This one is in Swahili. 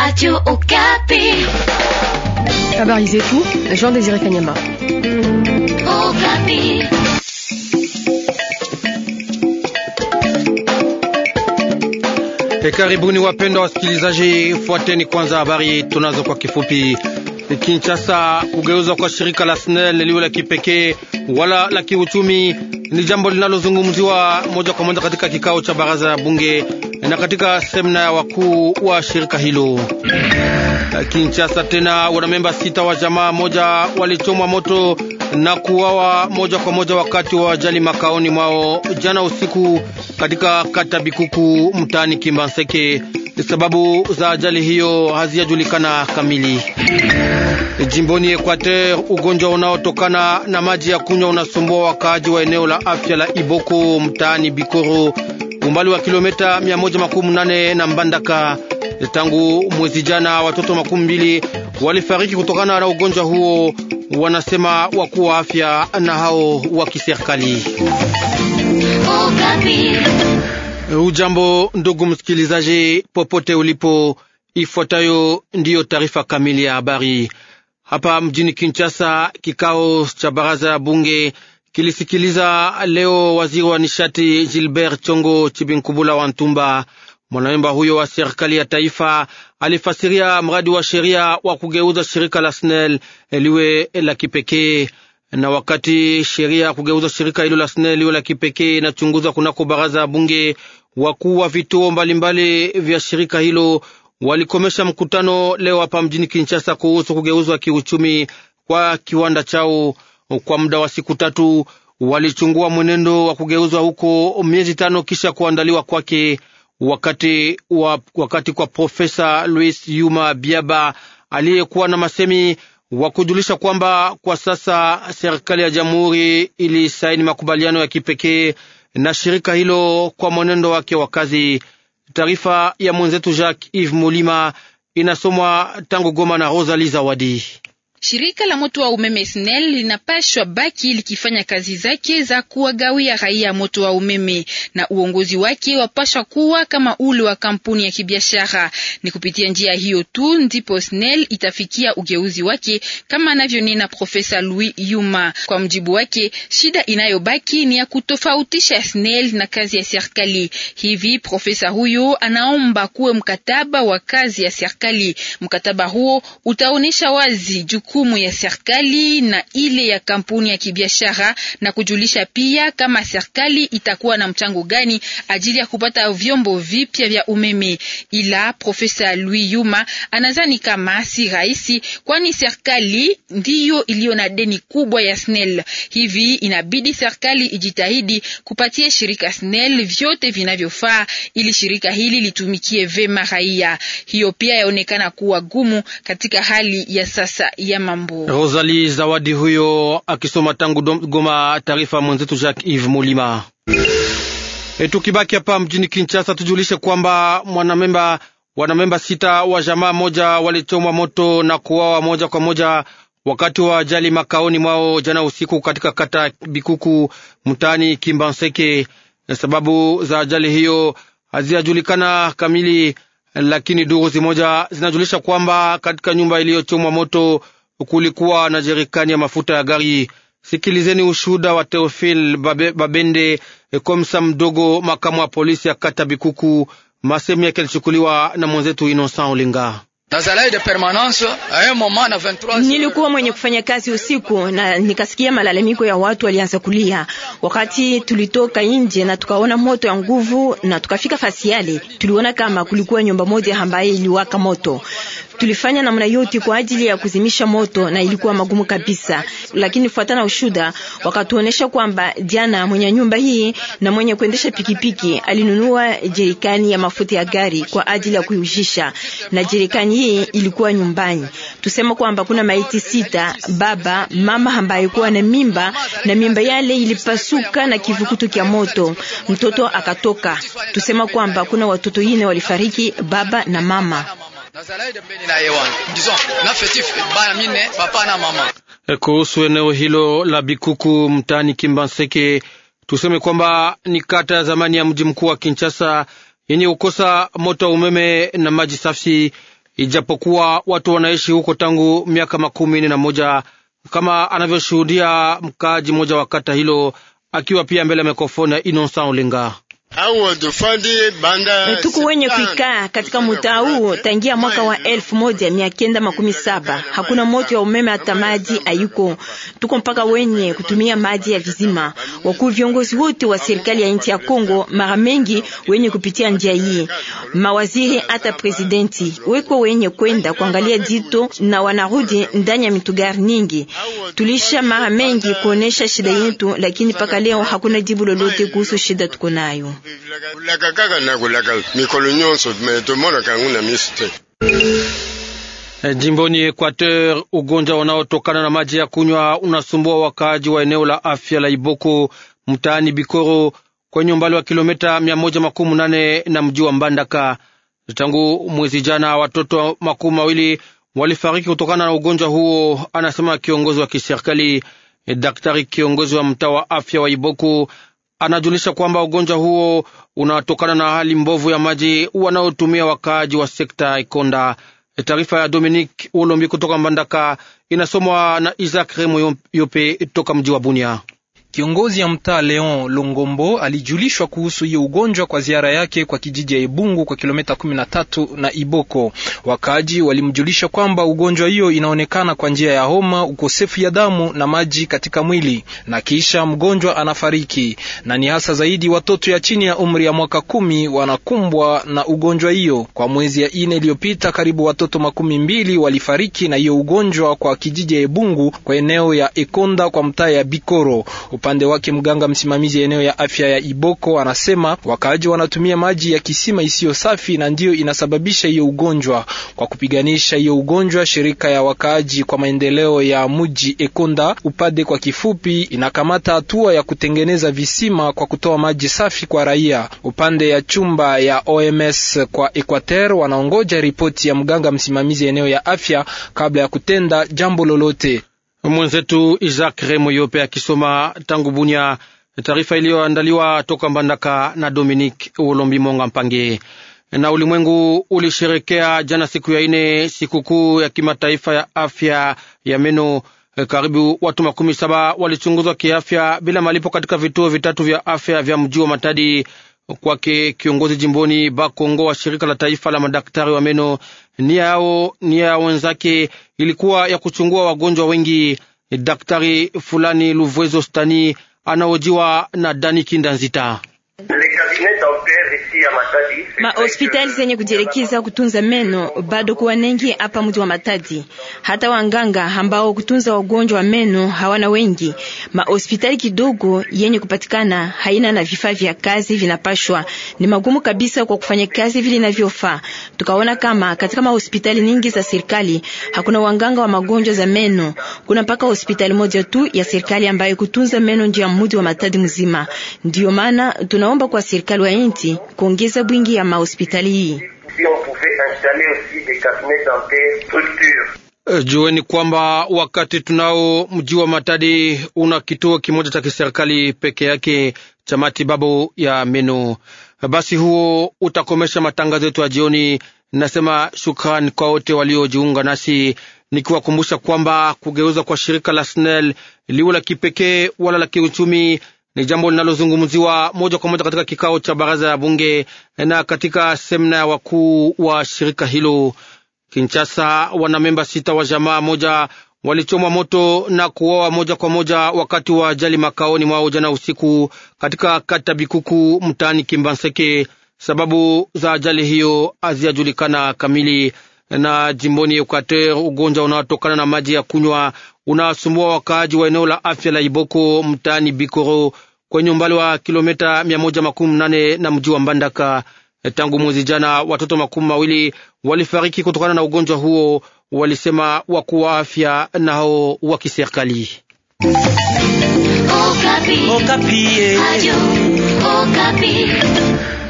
Radio Okapi. Habari zetu, Jean Désiré Kanyama. Okapi. Eh, Karibuni wapendwa wasikilizaji, fuateni kwanza habari tunazo kwa kifupi. Eh, Kinshasa, kugeuzwa kwa shirika la SNEL liwe la kipekee wala la kiuchumi ni jambo linalozungumziwa moja kwa moja katika kikao cha baraza la bunge na katika semina ya wakuu wa shirika hilo. Kinshasa tena wanamemba sita wa jamaa moja walichomwa moto na kuwawa moja kwa moja wakati wa ajali makaoni mwao jana usiku katika kata Bikuku mtaani Kimbanseke. Sababu za ajali hiyo hazijajulikana kamili. Jimboni Equateur, ugonjwa unaotokana na maji ya kunywa unasumbua wakaaji wa eneo la afya la Iboko mtaani Bikoro umbali wa kilomita 118 na Mbandaka. Tangu mwezi jana watoto makumi mbili walifariki kutokana na ugonjwa huo, wanasema wakuu wa afya na hao wa kiserikali. Ujambo ndugu msikilizaji, popote ulipo, ifuatayo ndiyo taarifa kamili ya habari. Hapa mjini Kinshasa, kikao cha baraza la bunge kilisikiliza leo waziri wa nishati Gilbert Chongo Chibinkubula wa Ntumba. Mwanamemba huyo wa serikali ya taifa alifasiria mradi wa sheria wa kugeuza shirika la SNEL liwe la kipekee na wakati sheria ya kugeuza shirika hilo la SNEL liwe la kipekee inachunguzwa kunako baraza ya bunge, wakuu wa vituo mbalimbali vya shirika hilo walikomesha mkutano leo hapa mjini Kinshasa kuhusu kugeuzwa kiuchumi kwa kiwanda chao. Kwa muda wa siku tatu walichungua mwenendo wa kugeuzwa huko miezi tano kisha kuandaliwa kwake, wakati, wa, wakati kwa Profesa Louis Yuma Biaba aliyekuwa na masemi wa kujulisha kwamba kwa sasa serikali ya jamhuri ilisaini makubaliano ya kipekee na shirika hilo kwa mwenendo wake wa kazi. Taarifa ya mwenzetu Jacques Yves Mulima inasomwa tangu Goma na Rosalie Zawadi. Shirika la moto wa umeme SNEL linapashwa baki likifanya kazi zake za kuwagawia raia moto wa umeme, na uongozi wake wapashwa kuwa kama ule wa kampuni ya kibiashara. Ni kupitia njia hiyo tu ndipo SNEL itafikia ugeuzi wake, kama anavyonena Profesa Louis Yuma. Kwa mjibu wake, shida inayobaki ni ya kutofautisha SNEL na kazi ya serikali. Hivi profesa huyo anaomba kuwe mkataba wa kazi ya serikali. Mkataba huo utaonesha wazi juku majukumu ya serikali na ile ya kampuni ya kibiashara na kujulisha pia kama serikali itakuwa na mchango gani ajili ya kupata vyombo vipya vya umeme. Ila Profesa Louis Yuma anazani kama si rahisi, kwani serikali ndiyo iliyo na deni kubwa ya SNEL. Hivi inabidi serikali ijitahidi kupatia shirika SNEL vyote vinavyofaa ili shirika hili litumikie vema raia. Hiyo pia yaonekana kuwa gumu katika hali ya sasa ya Mambu. Rosali Zawadi huyo akisoma tangu Goma, taarifa mwenzetu Jacques Yves Mulima. E, tukibaki hapa mjini Kinshasa, tujulishe kwamba mwanamemba wanamemba sita wa jamaa moja walichomwa moto na kuwawa moja kwa moja wakati wa ajali makaoni mwao jana usiku katika kata Bikuku mtaani Kimbanseke. E, sababu za ajali hiyo hazijajulikana kamili, lakini duru zimoja zinajulisha kwamba katika nyumba iliyochomwa moto kulikuwa na jerikani ya mafuta ya gari. Sikilizeni ushuhuda wa Theofil Babende, eh, komsa mdogo makamu wa polisi ya kata Bikuku. Masemi yake yalichukuliwa na mwenzetu Innocent Olinga. Nilikuwa mwenye kufanya kazi usiku na nikasikia malalamiko ya watu walianza kulia. Wakati tulitoka nje na tukaona moto ya nguvu na tukafika fasi yale, tuliona kama kulikuwa nyumba moja ambayo iliwaka moto. Tulifanya namna yote kwa ajili ya kuzimisha moto na ilikuwa magumu kabisa, lakini fuatana ushuda wakatuonesha kwamba Diana mwenye nyumba hii na mwenye kuendesha pikipiki alinunua jerikani ya mafuta ya gari kwa ajili ya kuiujisha, na jerikani hii ilikuwa nyumbani. Tusema kwamba kuna maiti sita, baba, mama ambaye kuwa na mimba, na mimba yale ilipasuka na kivukutu kya moto, mtoto akatoka. Tusema kwamba kuna watoto ine walifariki, baba na mama. Eh, kuhusu eneo hilo la Bikuku mtaani Kimbanseke, tuseme kwamba ni kata ya zamani ya mji mkuu wa Kinshasa yenye kukosa moto wa umeme na maji safi, ijapokuwa watu wanaishi huko tangu miaka makumi nne na moja, kama anavyoshuhudia mkaaji mmoja wa kata hilo akiwa pia mbele ya mikrofoni ya Innocent olinga tuko wenye kuikaa katika mtaa huo tangia mwaka wa elfu moja mia kenda makumi saba. Hakuna moto ya umeme hata maji ayuko, tuko mpaka wenye kutumia maji ya vizima. Wakuu viongozi wote wa serikali ya nchi ya Kongo mara mengi wenye kupitia njia hii, mawaziri hata presidenti weko wenye kwenda kuangalia jito na wanarudi ndani ya mitugari nyingi. Tulisha mara mengi kuonesha shida yetu, lakini mpaka leo hakuna jibu lolote kuhusu shida tuko nayo kulakakaka na mikolo nyonso na te eh, Jimboni Equateur, ugonjwa unaotokana na maji ya kunywa unasumbua wakaaji wa eneo la afya la Iboko mtaani Bikoro kwenye umbali wa kilomita mia moja makumi nane na mji wa Mbandaka. Tangu mwezi jana, watoto makumi mawili walifariki kutokana na ugonjwa huo, anasema kiongozi wa kiserikali. Eh, daktari kiongozi wa mtaa wa afya wa Iboko anajulisha kwamba ugonjwa huo unatokana na hali mbovu ya maji wanaotumia wakaaji wa sekta ya Ikonda. E, taarifa ya Dominic Olombi kutoka Mbandaka inasomwa na Isaac Remo Yope toka mji wa Bunia. Kiongozi ya mtaa Leon Longombo alijulishwa kuhusu hiyo ugonjwa kwa ziara yake kwa kijiji ya Ibungu kwa kilomita 13 na Iboko. Wakaaji walimjulisha kwamba ugonjwa hiyo inaonekana kwa njia ya homa, ukosefu ya damu na maji katika mwili, na kisha mgonjwa anafariki, na ni hasa zaidi watoto ya chini ya umri ya mwaka kumi wanakumbwa na ugonjwa hiyo. Kwa mwezi ya ine iliyopita, karibu watoto makumi mbili walifariki na hiyo ugonjwa kwa kijiji ya Ibungu kwa eneo ya Ekonda kwa mtaa ya Bikoro Upa Upande wake mganga msimamizi eneo ya afya ya Iboko anasema wakaaji wanatumia maji ya kisima isiyo safi na ndiyo inasababisha hiyo ugonjwa. Kwa kupiganisha hiyo ugonjwa, shirika ya wakaaji kwa maendeleo ya muji Ekonda upade kwa kifupi, inakamata hatua ya kutengeneza visima kwa kutoa maji safi kwa raia. Upande ya chumba ya OMS kwa Equateur wanaongoja ripoti ya mganga msimamizi eneo ya afya kabla ya kutenda jambo lolote. Mwenzetu Isaac Remoyope akisoma tangu Bunya, taarifa iliyoandaliwa toka Mbandaka na Dominique Wolombi Monga Mpange. Na ulimwengu ulisherekea jana siku ya ine sikukuu ya kimataifa ya afya ya meno. Karibu watu makumi saba walichunguzwa kiafya bila malipo katika vituo vitatu vya afya vya mji wa Matadi kwake kiongozi jimboni Bakongo wa shirika la taifa la madaktari wa meno, nia yao nia ya wenzake ilikuwa ya kuchungua wagonjwa wengi. Daktari fulani Luvwezo Stani anaojiwa na Dani Kindanzita mahospitali zenye kujielekeza kutunza meno bado kuwa nengi hapa mji wa Matadi. Hata wanganga ambao kutunza wagonjwa wa meno hawana wengi. Mahospitali kidogo yenye kupatikana haina na vifaa vya kazi vinapashwa, ni magumu kabisa kwa kufanya kazi vile inavyofaa. Tukaona kama katika mahospitali nyingi za serikali hakuna wanganga wa magonjwa za meno. Kuna mpaka hospitali moja tu ya serikali ambayo kutunza meno ndio ya mji wa Matadi mzima. Ndio maana tunaomba kwa serikali serikali wa nchi kuongeza bwingi ya mahospitali hii. Eh, jueni kwamba wakati tunao mji wa Matadi una kituo kimoja cha kiserikali peke yake cha matibabu ya meno. Basi huo utakomesha matangazo yetu ya jioni. Nasema shukrani kwa wote waliojiunga nasi, nikiwakumbusha kwamba kugeuza kwa shirika la SNEL liwe la kipekee wala la kiuchumi ni jambo linalozungumziwa moja kwa moja katika kikao cha baraza ya bunge na katika semina ya wakuu wa shirika hilo. Kinshasa, wanamemba sita wa jamaa moja walichomwa moto na kuoa moja kwa moja wakati wa ajali makaoni mwao jana usiku katika kata Bikuku mtaani Kimbanseke. Sababu za ajali hiyo hazijajulikana kamili. Na jimboni Ekuateur, ugonjwa unaotokana na maji ya kunywa unasumbua wakaaji wa eneo la afya la Iboko mtaani Bikoro kwenye umbali wa kilomita 118 na mji wa Mbandaka. Tangu mwezi jana watoto makumi mawili walifariki kutokana na ugonjwa huo, walisema wakuu wa afya nao wa kiserikali. Okapi. Okapi. Eh.